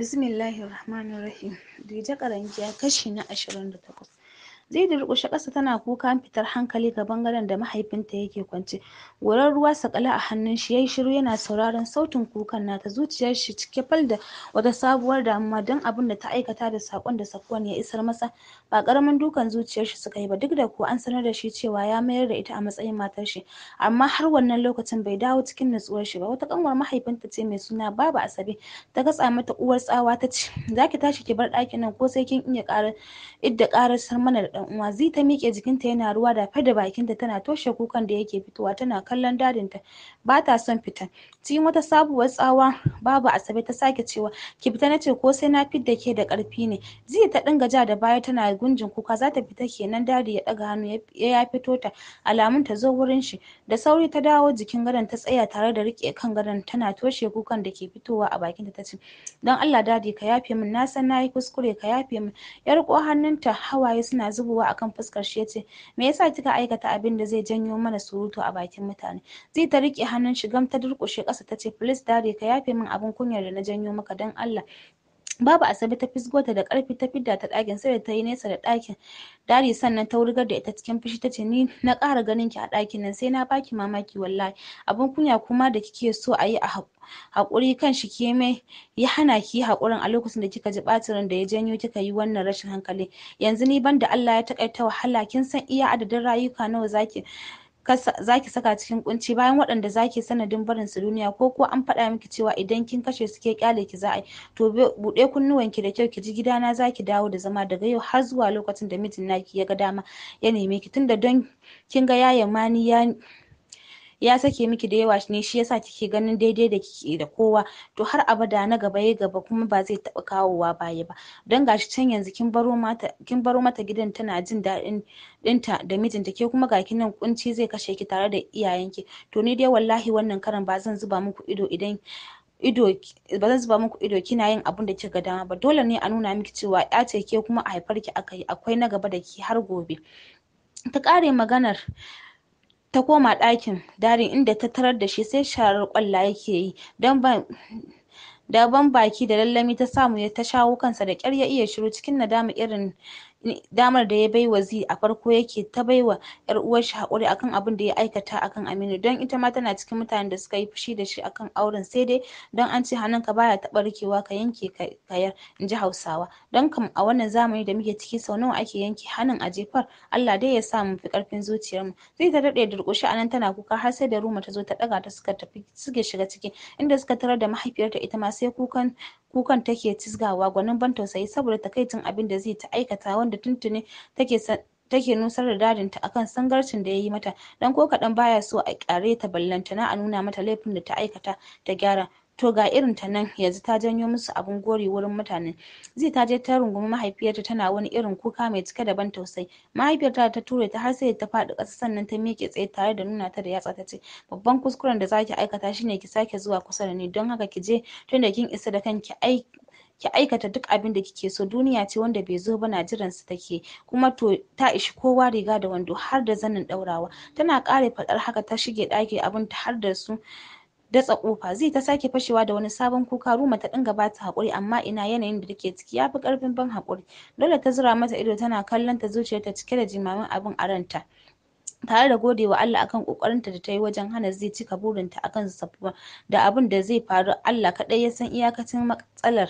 bismillahir rahmanir rahim dije karangiya kashi na ashirin da takwas zai durƙushe ƙasa tana kukan fitar hankali ga bangaren da mahaifinta yake kwance gurar ruwa sakala a hannun shi yayi shiru yana sauraron sautin kukan nata zuciyar shi cike fal da wata sabuwar damuwa don abin da ta aikata da sakon da sakon ya isar masa ba ƙaramin dukan zuciyar shi suka yi ba duk da kuwa an sanar da shi cewa ya mayar da ita a matsayin matar shi amma har wannan lokacin bai dawo cikin natsuwar shi ba wata kanwar mahaifinta ce mai suna Baba Asabe ta gatsa mata uwar tsawa ta ce zaki tashi ki bar ɗakin nan ko sai kin iya ƙarar idda karasar mana da yan ta miƙe jikinta yana ruwa da da bakinta tana toshe kukan da yake fitowa tana kallon dadin ta bata son fita cikin wata sabuwar tsawa babu asabe ta sake cewa ki fita nace ko sai na fidda ke da ƙarfi ne zai ta dinga ja da baya tana gunjin kuka zata fita kenan dadi ya daga hannu ya fito ta alamun ta zo wurin shi da sauri ta dawo jikin gadon ta tsaya tare da rike kan gadon tana toshe kukan da ke fitowa a bakinta ta ce don Allah dadi ka yafe min na san nayi kuskure ka yafe min ya riko hannunta hawaye suna zuba zubowa akan fuskar shi yace me yasa kika aikata abin da zai janyo mana surutu a bakin mutane zai ta rike hannun shi gam ta durƙushe ƙasa tace please dare ka yafe min abin kunyar da na janyo maka don Allah Babu Asabe ta fisgota da karfi ta fidda ta dakin sai da ta yi nesa da dakin Dari sannan ta wurgar da ita cikin fushi ta ce ni na kara ganin ki a dakin nan sai na baki mamaki wallahi. abun kunya kuma da kike so a yi a haƙuri kan shi ke mai ya hana ki haƙurin a lokacin da kika ji ɓacin da ya janyo kika yi wannan rashin hankali. Yanzu ni banda Allah ya taƙaita wahala kin san iya adadin rayuka nawa zaki zaki saka cikin kunci bayan waɗanda zaki sanadin barin su duniya ko kuwa an faɗa miki cewa idan kin kashe su ke kyale ki za a yi to buɗe kunnuwanki da kyau ki ji gidana zaki dawo da zama daga yau har zuwa lokacin da mijin naki ya ga dama ya neme ki tunda don kin ga yayan mani ya ya sake miki da yawa ne shi yasa kike ganin daidai da kike da kowa to har abada na gaba ya gaba kuma ba zai taba kawowa baya ba don gashi can yanzu kin baro mata kin baro mata gidan tana jin daɗin ɗinta da mijinta ke kuma ga nan kunci zai kashe ki tare da iyayenki to ni dai wallahi wannan karan ba zan zuba muku ido idan ido ba zan zuba muku ido kina yin abun da kika dama ba dole ne a nuna miki cewa ya ce ke kuma a haifar ki akai akwai na gaba da ki har gobe ta kare maganar Ta koma ɗakin darin inda ta tarar da shi sai sharar ƙwalla yake yi, da ban baki da lallami ta samu ta shawo kansa da ƙyar ya iya shiru cikin nadama irin damar da ya bai wa zi a farko yake ta bai baiwa ‘yar uwar shi hakuri akan abin da ya aikata akan Aminu don ita ma tana cikin mutanen da suka yi fushi da shi akan auren sai dai don an ce hannunka baya taɓa rikewa ka yanke kayar ji Hausawa don kam a wannan zamani da muke ciki sau nawa ake yanke hannun a jefar Allah dai ya sa mu fi ƙarfin zuciyarmu zai ta daɗe durƙushi a nan tana kuka har sai da Ruma ta zo ta ɗaga ta suka tafi suke shiga ciki inda suka tarar da mahaifiyarta ita ma sai kukan kukan take cizgawa gwanin ban tausayi saboda takaicin abin da zai ta aikata wanda tuntuni take take nusar da dadinta akan sangarcin da ya yi mata dan ko kaɗan baya so a kare ta ballantana a nuna mata laifin da ta aikata ta gyara to ga irin ta nan yanzu ta janyo musu abun gori wurin mutane. zai ta je ta rungumi mahaifiyarta tana wani irin kuka mai cike da ban tausayi mahaifiyarta ta ture ta har sai ta faɗi ƙasa sannan ta miƙe tsaye tare da nuna ta da yatsa ta ce babban kuskuren da zaki aikata shine ki sake zuwa kusa da ni don haka ki je tunda kin isa da kanki ai ki aikata duk abin da kike so duniya ce wanda bai zo ba na jiran su take kuma to ta ishi kowa riga da wando har da zanin daurawa tana kare faɗar haka ta shige ɗaki abin ta har da su datsa kofa zai ta sake fashewa da wani sabon kuka Ruma ta dinga bata hakuri amma ina yanayin da take ciki yafi karfin ban hakuri dole ta zura mata ido tana kallon ta zuciyarta cike da jimamin abin a ranta tare da gode wa Allah akan kokarinta da ta yi wajen hana zai cika burinta akan sabuwa da abin da zai faru Allah kaɗai ya san iyakacin matsalar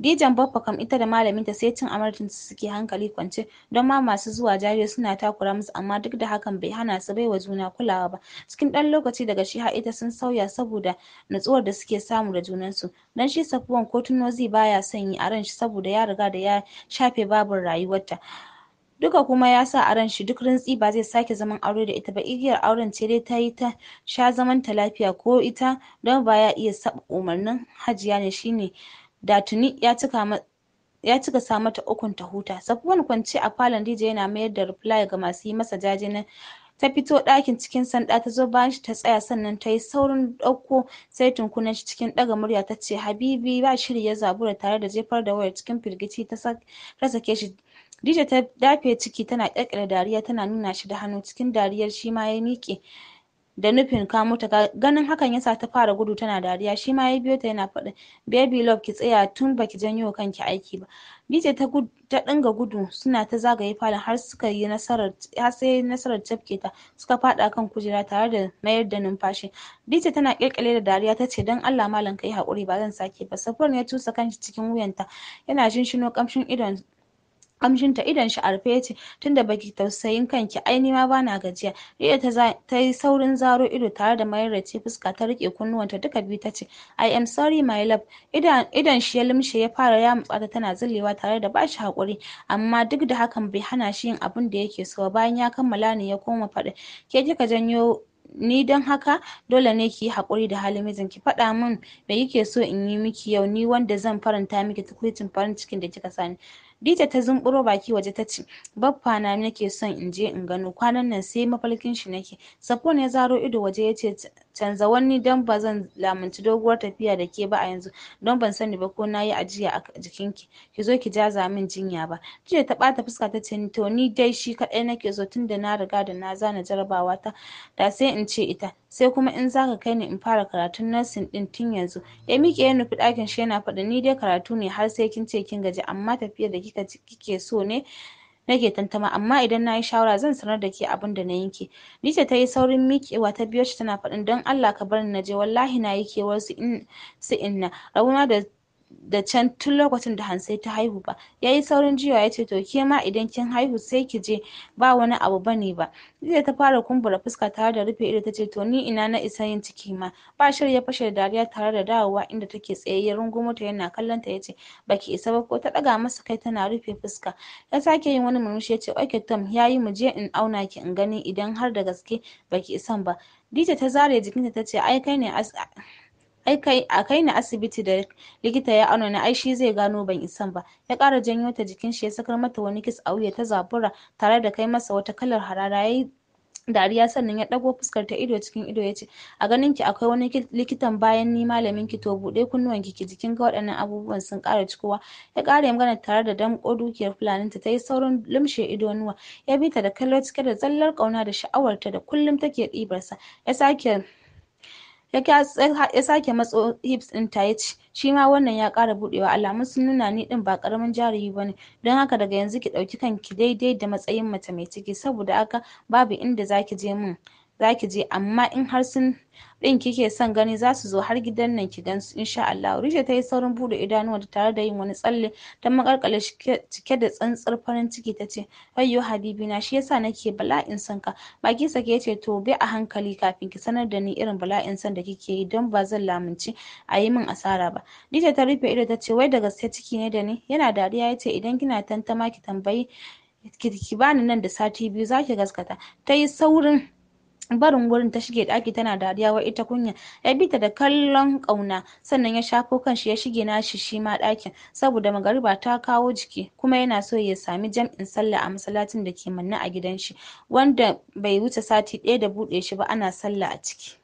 Dijan Baffa kam ita da malaminta sai cin amarcin su suke hankali kwance don ma masu zuwa jariya suna takura musu amma duk da hakan bai hana su baiwa juna kulawa ba. Cikin ɗan lokaci daga shi har ita sun sauya saboda natsuwar da suke samu da junansu. don shi Safuwan ko tunozi baya son yi a ran shi saboda ya riga da ya shafe babin rayuwarta. duka kuma ya sa a ran shi duk rintsi ba zai sake zaman aure da ita ba igiyar auren ce dai ta yi ta sha zaman ta lafiya ko ita don ba ya iya saba umarnin hajiya ne shine da tuni ya cika sa mata ukun ta huta safuwan kwance a falon dj yana mayar da reply ga masu yi masa jaje na ta fito ɗakin cikin sanda ta zo bayan shi ta tsaya sannan ta yi saurin ɗauko sai tunkunan shi cikin ɗaga murya ta ce habibi ba shiri ya zabura tare da jefar da wayar cikin firgici ta sake shi dj ta dafe ciki tana ƙirƙira dariya tana nuna shi da hannu cikin dariyar shi ma ya miƙe da nufin ka ta ganin hakan yasa ta fara gudu tana dariya shi ma ya biyo ta yana faɗi. baby love ki tsaya tun baki janyo kanki aiki ba DJ ta gudu ta dinga gudu suna ta zagaye falon har suka yi nasarar har sai nasarar tafke ta suka faɗa kan kujera tare da mayar da numfashi DJ tana kirkire da dariya ta ce don Allah malam kai haƙuri ba zan sake ba Safurin ya tusa kanshi cikin wuyanta yana shinshino kamshin idon kamshinta shi a rufe ya ce tunda baki tausayin kanki ai ni ma bana gajiya Riya ta yi saurin zaro ido tare da mayar da ce fuska ta rike kunnuwanta duka biyu ta ce I am sorry my love idan shi ya lumshe ya fara yamutsa ta tana zillewa tare da bashi hakuri amma duk da hakan bai hana shi yin abun da yake so bayan ya kammala ne ya koma faɗi ke kika janyo ni don haka dole ne ki yi haƙuri da halin mijin ki faɗa min me kike so in yi miki yau ni wanda zan faranta miki tukuitin farin cikin da kika sani Dita ta zumburo baki waje ta ce, "Baffa na nake son in je in gano kwanan nan sai mafarkin shi nake." Safwan ya zaro ido waje ya ce, canza wani don ba zan lamunci doguwar tafiya da ke ba a yanzu don ban sani ba ko na yi ajiya a jikinki ki zo ki jaza min jinya ba jiya ta ɓata fuska ta ce to ni dai shi kaɗai nake so tun da na riga da na zana jarabawa ta da sai in ce ita sai kuma in zaka kai ni in fara karatun nursing din tun yanzu ya miƙe ya nufi ɗakin shi yana faɗa ni dai karatu ne har sai kin ce kin gaji amma tafiyar da kika kike so ne nake tantama amma idan nayi shawara zan sanar da ke abin da na yanke Lita ta yi saurin miƙewa ta biyo tana faɗin don Allah ka bar ni na je wallahi na yi kewar su in su inna da da can tun lokacin da Hansai ta haihu ba. Ya yi saurin jiwa ya ce, To, ke ma idan kin haihu sai ki je ba wani abu ba ne ba. Lidiya ta fara kumbura fuska tare da rufe ido ta ce, To, ni ina na isa yin ciki ma. Ba shir ya fashe da dariya tare da dawowa inda take tsaye ya rungumota yana kallon ta ya ce, Baki isa ba ko ta ɗaga masa kai tana rufe fuska. Ya sake yin wani murmushi ya ce, Ok, Tom, ya yi mu je in auna ki in gani idan har da gaske baki isan ba. Dita ta zare jikinta ta ce, Ai, kai ne a kai ni asibiti da likita ya auna na ai shi zai gano ban isan ba ya ƙara janyo ta jikin shi ya sakar mata wani kis a wuya ta zabura tare da kai masa wata kalar harara yayi dariya sannan ya ɗago fuskar ta ido cikin ido ya ce a ganin ki akwai wani likitan bayan ni malamin ki to buɗe kunnuwan ki ki jikin ga waɗannan abubuwan sun ƙara cikowa ya ƙara magana tare da damƙo dukiyar fulanin ta yi saurin lumshe idonuwa ya bi ta da kallo cike da zallar ƙauna da sha'awar ta da kullum take ɗibarsa ya sake ya sake matso hips din ta ya ci shi ma wannan ya kara budewa alamun sun nuna ni din ba karamin jarumi bane don haka daga yanzu ki dauki kanki daidai da matsayin mace mai ciki saboda haka babu inda zaki je mun. zaki ki je amma in har sun ɗin kike son gani zasu zo har gidan nan ki gan su insha Allah. Risha ta yi saurin buɗe da tare da yin wani tsalle ta makarkale cike da tsantsar farin ciki ta ce ayyo habibi na shi yasa nake bala'in son ka. Baki sake ya ce to bi a hankali kafin ki sanar da ni irin bala'in son da kike yi don ba zan lamunci a yi min asara ba. Risha ta rufe ido ta ce wai da gaske ciki ne da ni yana dariya ya ce idan kina tantama ki tambayi ki bani nan da sati biyu zaki gaskata. Ta yi saurin barin wurin ta shige ɗaki tana dariya wai ita kunya ya bi ta da kallon ƙauna sannan ya shafo kanshi ya shige nashi shi ma ɗakin saboda magariba ta kawo jiki kuma yana so ya sami jam'in sallah a masallacin da ke manne a gidan shi wanda bai wuce sati ɗaya da buɗe shi ba ana sallah a ciki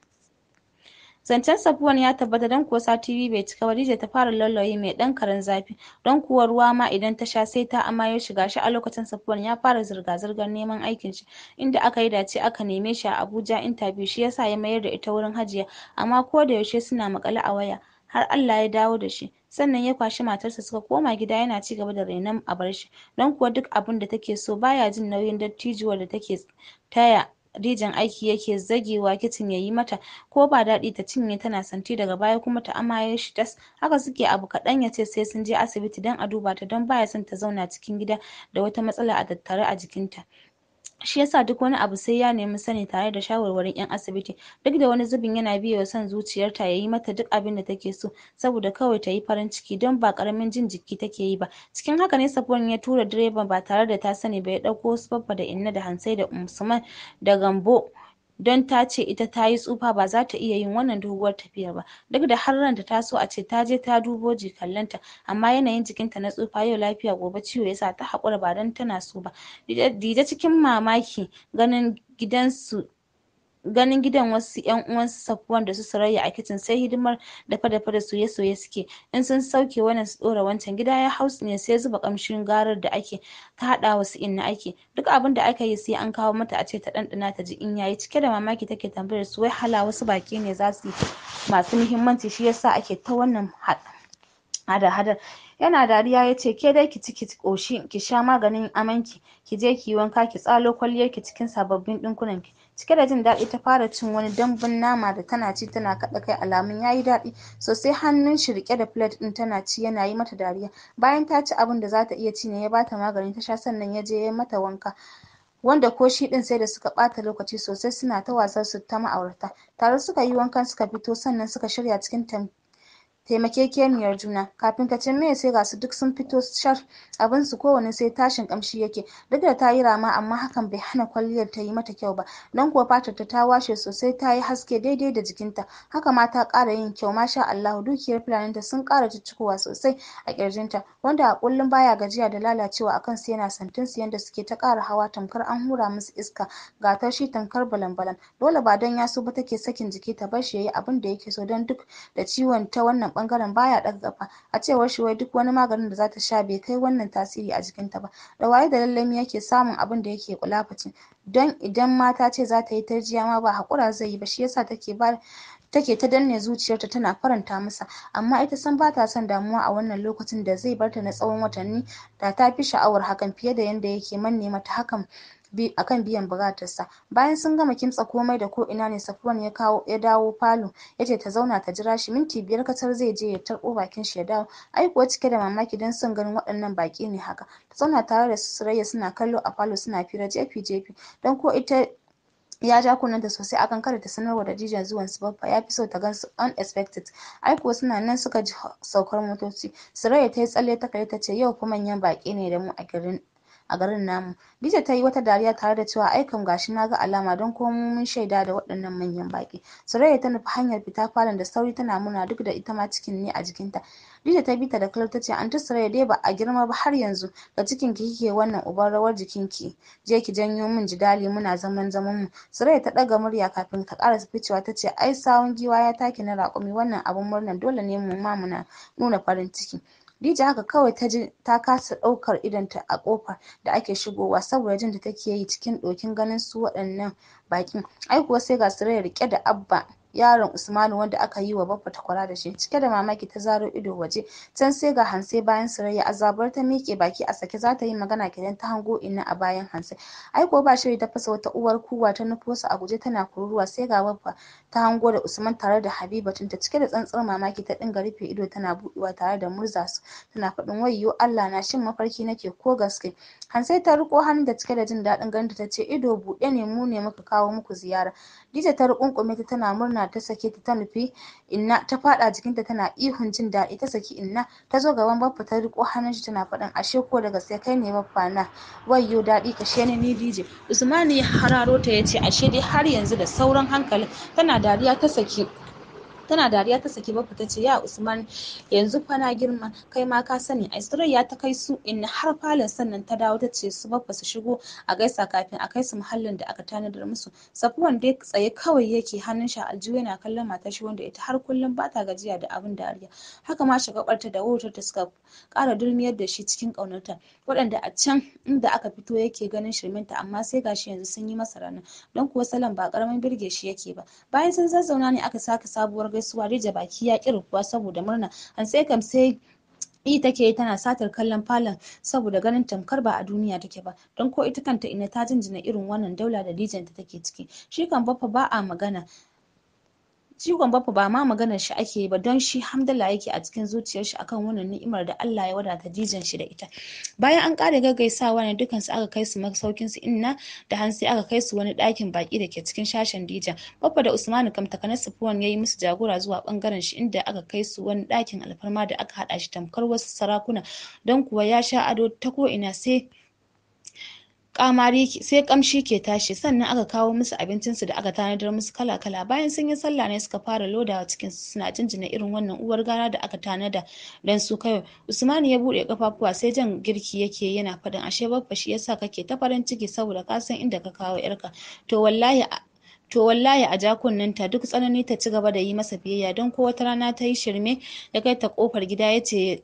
Zancen Safwan ya tabbata don kuwa sati biyu bai cika ba ta fara lallayi mai ɗan karen zafi don kuwa ruwa ma idan ta sha sai ta amayo shi shi a lokacin Safwan ya fara zirga-zirgar neman aikin shi inda aka yi dace aka neme shi a Abuja interview shi yasa ya mayar da ita wurin Hajiya amma ko da yaushe suna maƙale a waya har Allah ya dawo da shi sannan ya kwashi matarsa suka koma gida yana ci gaba da rainon a bar shi don kuwa duk abin da take so baya jin nauyin dattijuwar da take taya rijin aiki yake zagewa kicin ya yi mata, ko ba daɗi ta cinye tana santi daga baya kuma ta amaye shi tas. Haka suke abu kaɗan ya ce sai sun je asibiti don a duba ta don baya son ta zauna cikin gida da wata matsala a tattare a jikinta. shi yasa duk wani abu sai ya nemi sani tare da shawarwarin 'yan asibiti duk da wani zubin yana biye wa son zuciyarta yayi mata duk abin da take so saboda kawai tayi farin ciki don ba karamin jin jiki take yi ba cikin haka ne Safwan ya tura direban ba tare da ta sani ba ya ɗauko su Baffa da Inna da Hansai da Usman da Gambo don ta ce ita ta yi tsufa ba za ta iya yin wannan doguwar tafiyar ba duk da har ranta ta so a ce ta je ta dubo jikallanta amma yanayin jikinta na tsufa yau lafiya gobe ciwo yasa ta haƙura ba don tana so ba Dija cikin mamaki ganin gidansu ganin gidan wasu yan uwansu Safwan da su Sarayya a kicin sai hidimar dafa-dafa da soye-soye suke in sun sauke wannan su dora wancan gida ya house ne sai zuba kamshin garar da ake ta hada wasu inna ake duk abin da aka yi sai an kawo mata a ce ta dandana ta ji in yayi cike da mamaki take tambayar su wai hala wasu baki ne za su yi masu muhimmanci shi yasa ake ta wannan hada-hadar yana dariya ya ce ke dai ki ci ki ƙoshi ki sha maganin amanki ki je ki yi wanka ki tsalo kwalliyarki cikin sababbin ki. Cike da jin daɗi ta fara cin wani dambun nama da tana ci tana kaɗa kai alamun ya yi daɗi sosai hannun shi rike da plate ɗin tana ci yana yi mata dariya. Bayan ta ci abin da zata iya ci ne ya bata magani ta sha sannan ya je yayi mata wanka. wanda ko shi ɗin sai da suka ɓata lokaci sosai suna ta wasar su ta ma'aurata. Tare suka yi wankan suka fito sannan suka shirya cikin taimakekeniyar juna kafin ka ce meye sai ga su duk sun fito shar abin su kowane sai tashin kamshi yake duk da ta yi rama amma hakan bai hana kwalliyar ta yi mata kyau ba dan kuwa fatar ta ta washe sosai ta yi haske daidai da jikinta haka ma ta ƙara yin kyau masha Allah dukiyar fulanin ta sun ƙara cikowa sosai a kirjinta wanda a kullum baya gajiya da lalacewa akan su yana santin su yanda suke ta kara hawa tamkar an hura musu iska gatar shi tamkar balan-balan dole ba don ya so ba take sakin jiki ta bar shi yayi abin da yake so don duk da ciwon ta wannan bangaren baya ɗaga kafa a cewar shi wai duk wani maganin da za ta sha bai kai wannan tasiri a jikin ta ba da waye da lallami yake samun abin da yake kulafacin don idan ma ta ce ta yi tarjiya ma ba haƙura zai yi ba shi yasa take ba take ta danne zuciyarta tana faranta masa amma ita san ba ta son damuwa a wannan lokacin da zai barta na tsawon watanni da ta fi sha'awar hakan fiye da yanda yake manne mata hakan akan biyan bukatarsa bayan sun gama kimtsa komai da ko ina ne Safwan ya kawo ya dawo falo yace ta zauna ta jira shi minti biyar katar zai je ya tarko bakin shi ya dawo ai kuwa cike da mamaki dan sun ganin waɗannan baki ne haka ta zauna tare da su Surayya suna kallo a falo suna fira jefi jefi dan ko ita ya ja kunnanta sosai akan kada ta sanarwa da jijan zuwan su babba ya fi so ta gan su unexpected ai kuwa suna nan suka ji saukar motoci Surayya ta yi tsalle ta kalli ta ce yau kuma manyan baki ne da mu a garin a garin namu Dija ta yi wata dariya tare da cewa ai gashi na ga alama don kuma mun shaida da waɗannan manyan baki Suraya ta nufi hanyar fita falon da sauri tana muna duk da ita ma cikin ne a jikinta Dija ta bi ta da kalar ta ce anti Suraya dai ba a girma ba har yanzu ga cikin ki kike wannan uban rawar jikin ki je ki janyo min jidali muna zaman zaman mu Suraya ta ɗaga murya kafin ta ƙara ficewa ta ce ai sawun giwa ya take na raƙumi wannan abun murnan dole ne mu ma muna nuna farin ciki Dija haka kawai ta ji ta kasa ɗaukar idonta a ƙofar da ake shigowa saboda jin da take yi cikin ɗokin ganin su waɗannan baƙin. Ai kuwa sai ga Surayya riƙe da Abba yaron Usmanu wanda aka yi wa Baffa takwara da shi. Cike da mamaki ta zaro ido waje, can sai ga Hanse bayan Surayya a ta miƙe baki a sake za ta yi magana kidan ta hango inna a bayan Hanse. Ai kuwa ba shiri ta fasa wata uwar kuwa ta nufo su a guje tana kururuwa sai ga Baffa ta hango da Usman tare da Habiba tunta cike da tsantsar mamaki ta dinga rufe ido tana buɗewa tare da murza tana faɗin wayyo Allah na shin mafarki nake ko gaske Hansai ta riko hannu da cike da jin daɗin ganta ta ce ido buɗe ne mu ne muka kawo muku ziyara Dija ta rukunkume ta tana murna ta sake ta nufi inna ta faɗa jikinta tana ihun jin daɗi ta saki inna ta zo gaban baffa ta riko hannun shi tana faɗin ashe ko da gaske kai ne baffa na wayyo daɗi kashe ni ni Dije Usmani hararo ta yace ashe dai har yanzu da sauran hankali tana dariya ta sake tana dariya ta saki bafa ta ce ya usman yanzu fa girma kai ma ka sani ai surayya ta kai su in har falon sannan ta dawo ta ce su bafa su shigo a gaisa kafin a kai su muhallin da aka tanadar musu safuwan dai tsaye kawai yake hannun shi aljihu yana kallon matar shi wanda ita har kullum ba ta gajiya da abin dariya haka ma shagabarta da wautar ta suka kara dulmiyar da shi cikin ta waɗanda a can inda aka fito yake ganin shirminta amma sai gashi yanzu sun yi masa rana don kuwa salon ba karamin birge shi yake ba bayan sun zazzauna ne aka sake sabuwar gaisuwa rija baki ya ƙi kuwa saboda murna an sai kam sai i take tana satar kallon falon saboda ganin tamkar ba a duniya take ba don ko ita kanta ina ta jinjina irin wannan daula da rijiyar ta take ciki shi kan baffa ba a magana jigon bafa ba ma maganar shi ake yi ba don shi hamdala yake a cikin zuciyar shi akan wannan ni'imar da Allah ya wadata jijan shi da ita bayan an kare gaggaisawa ne dukan su aka kai su masaukin su inna da hansi aka kai su wani dakin baki da ke cikin sashen dijan bafa da Usmanu kam takanar ya yi musu jagora zuwa bangaren shi inda aka kai su wani dakin alfarma da aka hada shi tamkar wasu sarakuna don kuwa ya sha ado ta ko ina sai kamari sai kamshi ke tashi sannan aka kawo musu abincinsu da aka tanadar musu kala-kala bayan sun yi sallah ne suka fara lodawa cikin suna jinjina irin wannan uwar gara da aka tanada don su kai usmani ya buɗe kafafuwa sai jan girki yake yana faɗin ashe babba shi yasa kake ta farin ciki saboda ka san inda ka kawo yarka to wallahi to wallahi a jakunnanta duk tsanani ta ci gaba da yi masa biyayya don ko wata rana ta yi shirme ya kai ta kofar gida ya ce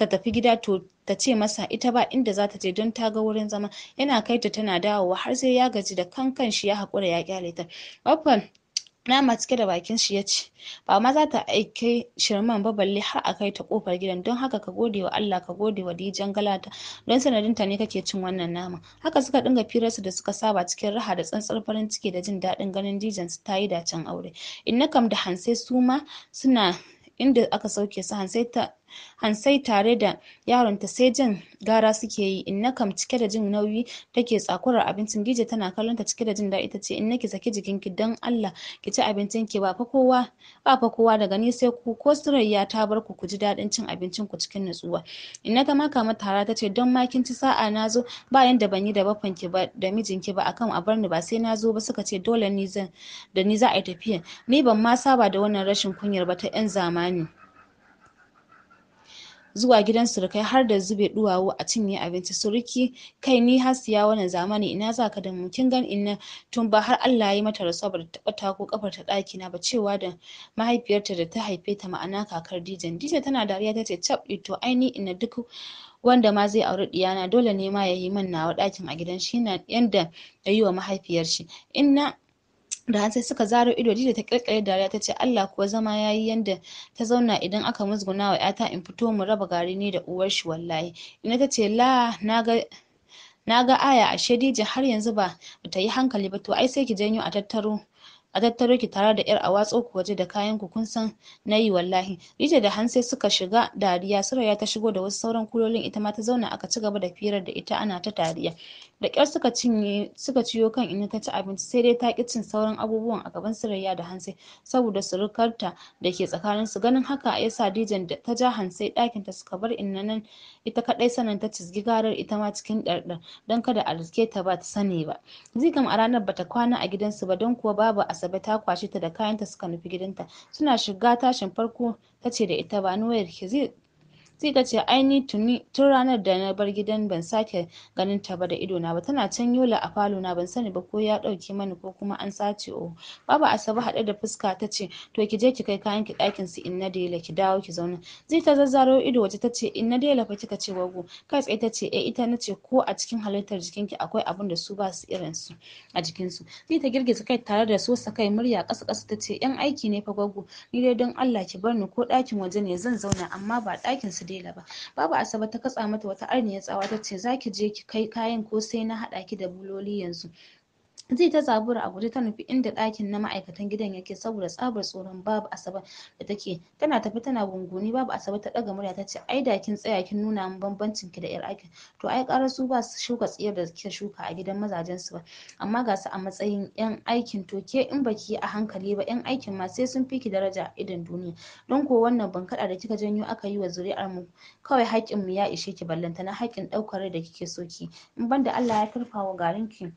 ta tafi gida to ta ce masa ita ba inda za ta je don ta ga wurin zama yana kai ta tana dawowa har sai ya gaji da kankan shi ya haƙura ya kyale ta nama cike da bakin shi ya ce ba ma za ta aike shirman ba balle har a kai ta kofar gidan don haka ka gode wa Allah ka gode wa dijan galata don sanadinta ne kake cin wannan nama haka suka dinga firarsu da suka saba cikin raha da tsantsar farin ciki da jin daɗin ganin dijan su ta yi dacen aure inna kam da hanse su ma suna inda aka sauke su hansai ta Hansai tare da yaronta sai jan gara suke yi, Inna kam cike da jin nauyi take tsakurar abincin, gije tana kallon ta cike da jin daɗi tace in nake ki saki jikinki don Allah ki ci ki ba fa kowa ba fa kowa daga ni sai ku ko Surayya ta bar ku ku ji daɗin cin abincin ku cikin nutsuwa. Inna ta maka mata hara ta ce don ma kin ci sa'a na zo ba yanda ban yi da ki ba da mijinki ba akan a bar ni ba sai na zo ba suka ce dole ni zan da ni za a yi tafiya. Ni ban ma saba da wannan rashin kunyar ba ta 'yan zamani. zuwa gidan surukai har da zube duwawu a cinye abinci suruki kai ni siya wannan zamani ina za ka da mukin gan inna tun ba har Allah ya yi mata rasuwa ba ta taba ko kafar ta daki na ba cewa da mahaifiyarta da ta haife ta ma'ana kakar Dijan dije tana dariya ta ce cap eh, to aini ni inna duk wanda ma zai auri diyana dole ne ma ya yi nawa dakin a gidan shi yanda ya yi wa mahaifiyar shi inna da sai suka zaro ido da ta kirkire dariya ta ce Allah kuwa zama yayi yi yanda ta zauna idan aka musguna wa ‘yata in fito mu raba gari ni da uwar shi wallahi ina ta ce la na ga aya a shedije har yanzu ba ta yi hankali ba to ai sai ki janyo a tattaro a tattaro ki tare da yar a watso ku waje da kayan ku kun san nayi wallahi dije da hansai suka shiga dariya suraya ta shigo da wasu sauran kulolin ita ma ta zauna aka ci gaba da firar da ita ana ta dariya da kyar suka cinye suka ciyo kan inna ta ci abinci sai dai ta ƙi cin sauran abubuwan a gaban sirayya da Hansai saboda surukarta da ke tsakanin su ganin haka ya sa Dijan da ta ja Hansai ɗakin ta suka bar inna nan ita kaɗai sanan ta cizgi garar ita ma cikin ɗarɗar don kada a riske ta ba ta sani ba. Zikam a ranar bata kwana a gidansu ba don kuwa babu Asabe ta kwashe ta da kayanta suka nufi gidanta suna shiga tashin farko ta ce da ita ba ni wayar ki sai ta ce ai ni tuni tun ranar da na bar gidan ban sake ganin ta ba da ido na ba tana can yola a falo na ban sani ba ko ya dauke mani ko kuma an sace o baba asabe haɗe da fuska ta ce to ki je ki kai kayan ki ɗakin su inna dela ki dawo ki zauna zai ta zazzaro ido waje ta ce inna dela fa kika ce wago kai tsaye ta ce eh ita na ce ko a cikin halittar ki akwai abin da su ba su irin su a jikinsu zai ta girgiza kai tare da so kai murya kasa kasa ta ce yan aiki ne fa gwaggo ni dai don Allah ki bar ni ko dakin waje ne zan zauna amma ba ɗakin su Mandela ba. Babu Asabe ta katsa mata wata arniyar tsawa ta ce za ki je ki kai kayan ko sai na haɗa ki da buloli yanzu. zai ta zabura a guje ta nufi inda ɗakin na ma'aikatan gidan yake saboda tsabar tsoron babu asabar da take tana tafi tana gunguni babu asabar ta ɗaga murya ta ce ai da kin tsaya kin nuna min bambancin ki da yar aikin to ai ƙara su ba su shuka tsiyar da kika shuka a gidan mazajen su ba amma ga su a matsayin yan aikin to ke in baki a hankali ba yan aikin ma sai sun fi ki daraja a idon duniya don ko wannan bankaɗa da kika janyo aka yi wa zuri'ar mu kawai haƙƙin mu ya ishe ki ballanta na haƙƙin ɗaukar rai da kike so ki in banda Allah ya wa garin ki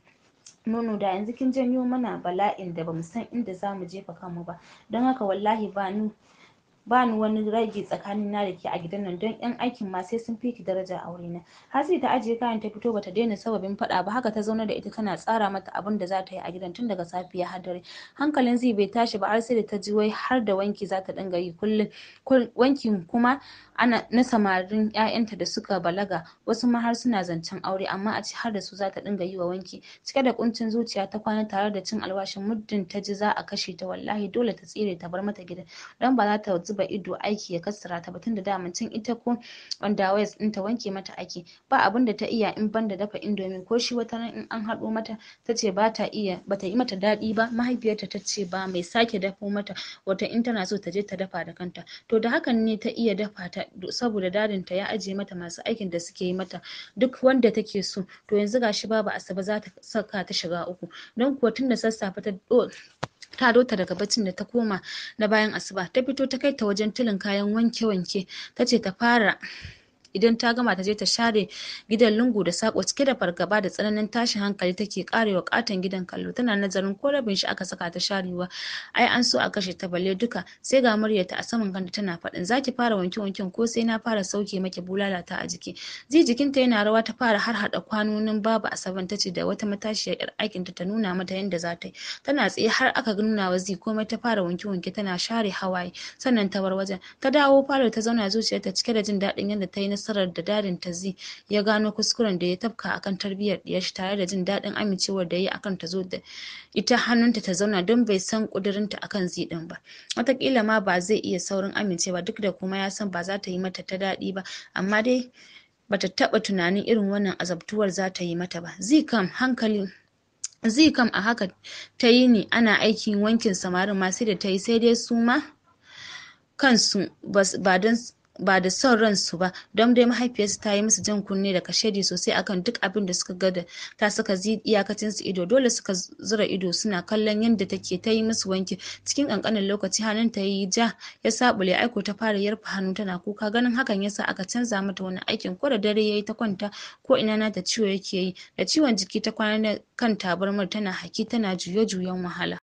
nono da yanzu kin janyo mana bala'in da bamu san inda zamu jefa kanmu ba don haka wallahi ba ni bani wani ragi tsakanin na da ke a gidan nan don yan aikin ma sai sun fiki daraja a wurina hasi ta ajiye kayan ta fito bata daina sababin fada ba haka ta zauna da ita tana tsara mata abin da za ta yi a gidan tun daga safiya har dare hankalin zai bai tashi ba har sai da ta ji wai har da wanki za ta dinga yi kullum wankin kuma ana na samarin 'ya'yanta da suka balaga wasu ma har suna zancen aure amma a ce har da su za ta dinga yi wa wanki cike da kuncin zuciya ta kwana tare da cin alwashin muddin ta ji za a kashe ta wallahi dole ta tsire ta bar mata gidan don ba za ta zuba ido aiki ya kassara ta batun da daman tun ita ko underwears din ta wanke mata ake ba abin da ta iya in banda dafa indomi ko shi wata ran in an haɗo mata ta ce ba ta iya ba ta yi mata daɗi ba mahaifiyarta ta ce ba mai sake dafo mata wata in tana so ta je ta dafa da kanta to da hakan ne ta iya dafa ta saboda dadin ta ya ajiye mata masu aikin da suke yi mata duk wanda take so to yanzu gashi babu asabe za ta saka ta shiga uku don kuwa tun da sassafe ta oh, tado ta daga bacin da ta koma na bayan asuba ta fito ta kai ta wajen tulin kayan wanke-wanke ta ce ta fara idan ta gama ta je ta share gidan lungu da saƙo cike da fargaba da tsananin tashin hankali take karewa katon gidan kallo tana nazarin ko rabin shi aka saka ta sharewa ai an so a kashe ta balle duka sai ga muryarta a saman kanta tana faɗin zaki fara wanke wanken ko sai na fara sauke maki bulalata a jiki ji jikinta yana rawa ta fara har hada kwanonin babu asaban tace da wata matashiyar yar aikinta ta nuna mata yadda za ta yi tana tsaye har aka nuna wa zi komai ta fara wanke wanke tana share hawaye sannan ta bar wajen ta dawo falo ta zauna zuciyarta cike da jin daɗin yadda ta yi nasarar da dadin ta zi ya gano kuskuren da ya tafka akan tarbiyyar diyarshi tare da jin daɗin amincewar da ya akan ta zo da ita hannunta ta zauna don bai san kudirinta akan zi din ba wataƙila ma ba zai iya saurin amincewa duk da kuma ya san ba za ta yi mata ta daɗi ba amma dai bata taɓa tunanin irin wannan azabtuwar za ta yi mata ba zi kam hankali zai kam a haka ta yi ne ana aikin wankin samarin ma sai da ta yi sai dai su ma kansu ba don ba da son ransu ba don dai mahaifiyarsu ta yi musu jan kunne da kashedi sosai akan duk abin da suka gada ta suka zi iyakacinsu ido dole suka zura ido suna kallon yadda take ta yi musu wanki cikin kankanin lokaci hannun ta yi ja ya sabule aiko ta fara yarfa hannu tana kuka ganin hakan yasa aka canza mata wani aikin ko da dare yayi ta kwanta ko ina na ta ciwo yake yi da ciwon jiki ta kwana kan tabarmar tana haki tana juye-juyen wahala